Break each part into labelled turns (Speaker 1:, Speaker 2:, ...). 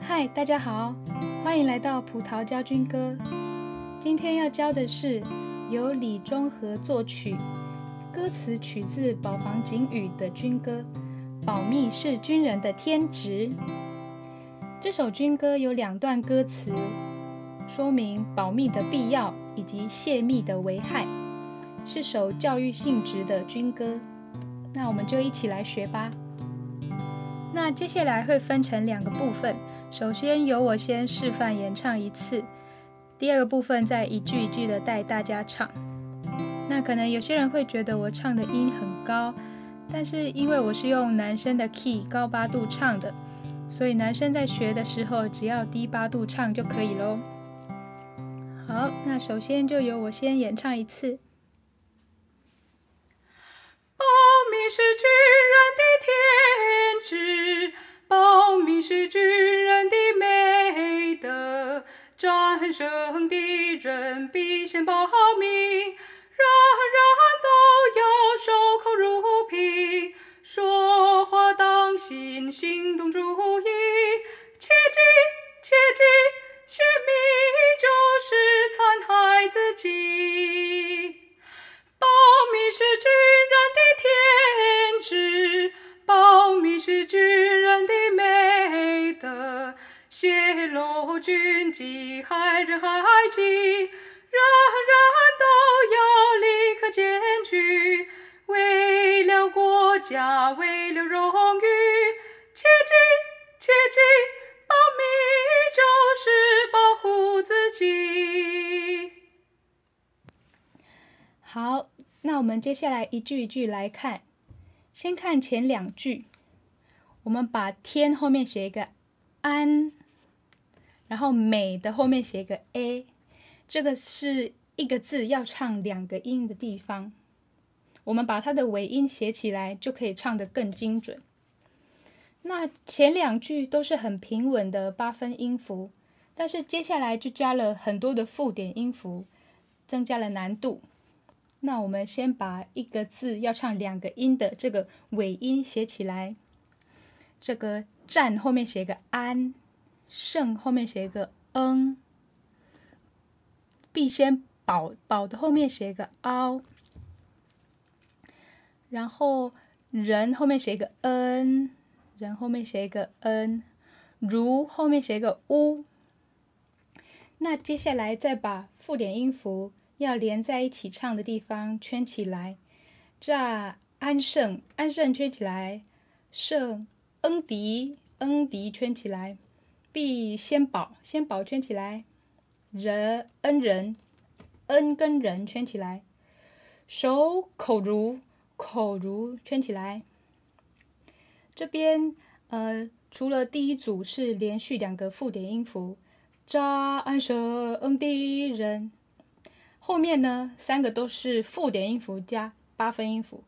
Speaker 1: 嗨，大家好，歡迎來到葡萄教軍歌。今天要教的是由李中和作曲，歌詞取自保防警語的軍歌《保密是軍人的天職》。這首軍歌有兩段歌詞，說明保密的必要，以及洩密的危害，是首教育性質的軍歌，那我們就一起來學吧。那接下來會分成兩個部分，首先由我先示範演唱一次，第二個部分再一句一句的帶大家唱。那可能有些人會覺得我唱的音很高，但是因為我是用男生的 key 高八度唱的，所以男生在學的時候只要低八度唱就可以嘍。好，那首先就由我先演唱一次。保密
Speaker 2: 是軍人的天職，保密是軍人的美德，戰勝敵人必先保密。是軍人的天職，保密是軍人的美德。洩露軍機害人害己，人人都要立刻檢舉。為了國家，為了榮譽，切記。
Speaker 1: 那我們接下來一句一句來看，先看前兩句，我們把“天”後面寫一個“安”，然後“美”的後面寫一個 “a”，這個是一個字要唱兩個音的地方，我們把它的尾音寫起來，就可以唱得更精準。那前兩句都是很平穩的八分音符，但是接下來就加了很多的附點音符，增加了難度。那我們先把一個字要唱兩個音的這個尾音寫起來，這個“戰”後面寫個“安”，“勝”後面寫一個 “n”，“、嗯、必先保”保的後面寫一個凹。然後“人”後面寫一個 “n”，“ 人”後面寫一個 “n”，“ 如”後面寫一個 “u”。那接下來再把附點音符。要連在一起唱的地方圈起來，戰安勝安勝圈起來，勝恩敵恩敵圈起來，必先保先保圈起來，人恩人恩跟人圈起來，守口如口如圈起來。這邊呃，除了第一組是連續兩個附點音符，扎安勝恩敵人。後面呢，三個都是附點音符加八分音符。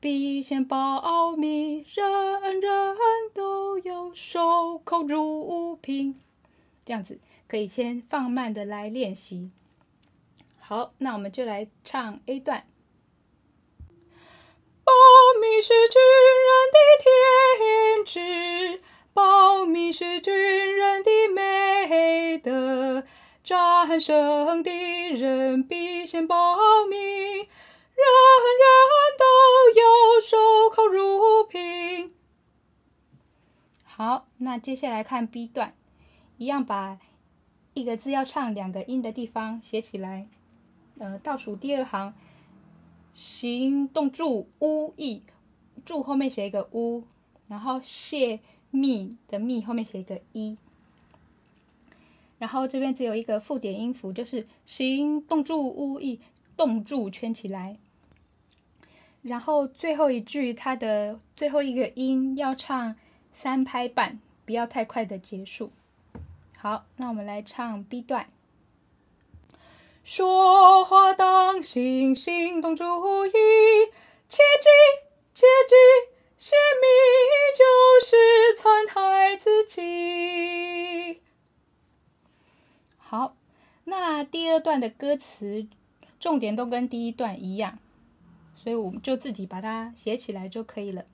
Speaker 1: 必先保密，人人都要守口如瓶。這樣子可以先放慢的來練習。好，
Speaker 2: 那我們就來唱 A 段。保密是軍人的天職，保密是軍。戰勝敵人，必先保密。人人都要守口如瓶。
Speaker 1: 好，那接下來看 B 段，一樣把一個字要唱兩個音的地方寫起來。呃，倒數第二行，行動注，屋意，注後面寫一個屋，然後洩密的密後面寫一個一。然後這邊只有一個附點音符，就是行動注意，動注圈起來。然後最後一句它的最後一個音要唱三拍半，不要太快的結束。
Speaker 2: 好，那我們來唱 B 段。說話當心，行動注意，切記切記，泄密就是殘害自己。好，那第二段的歌詞
Speaker 1: 重點都跟第一段一樣，所以我們就自己把它寫起來就可
Speaker 2: 以了。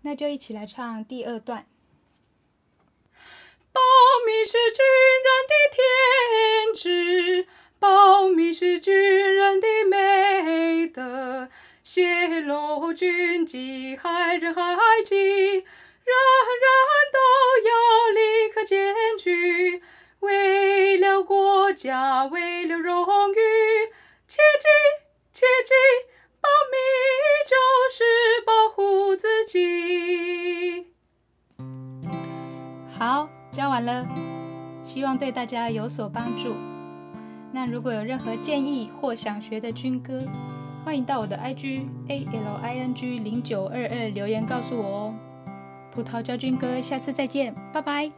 Speaker 2: 那就一起來唱第二段。保密是軍人的天職，保密是軍人的美德。洩露軍機害人害己，人人都要立刻檢舉。為了國家，為了榮譽，切記！切記，保密就是保護自己。
Speaker 1: 好，教完了，希望對大家有所幫助。那如果有任何建議或想學的軍歌，歡迎到我的 IG A L I N G 0 9 2 2留言告訴我哦。葡萄教軍歌，下次再見，拜拜。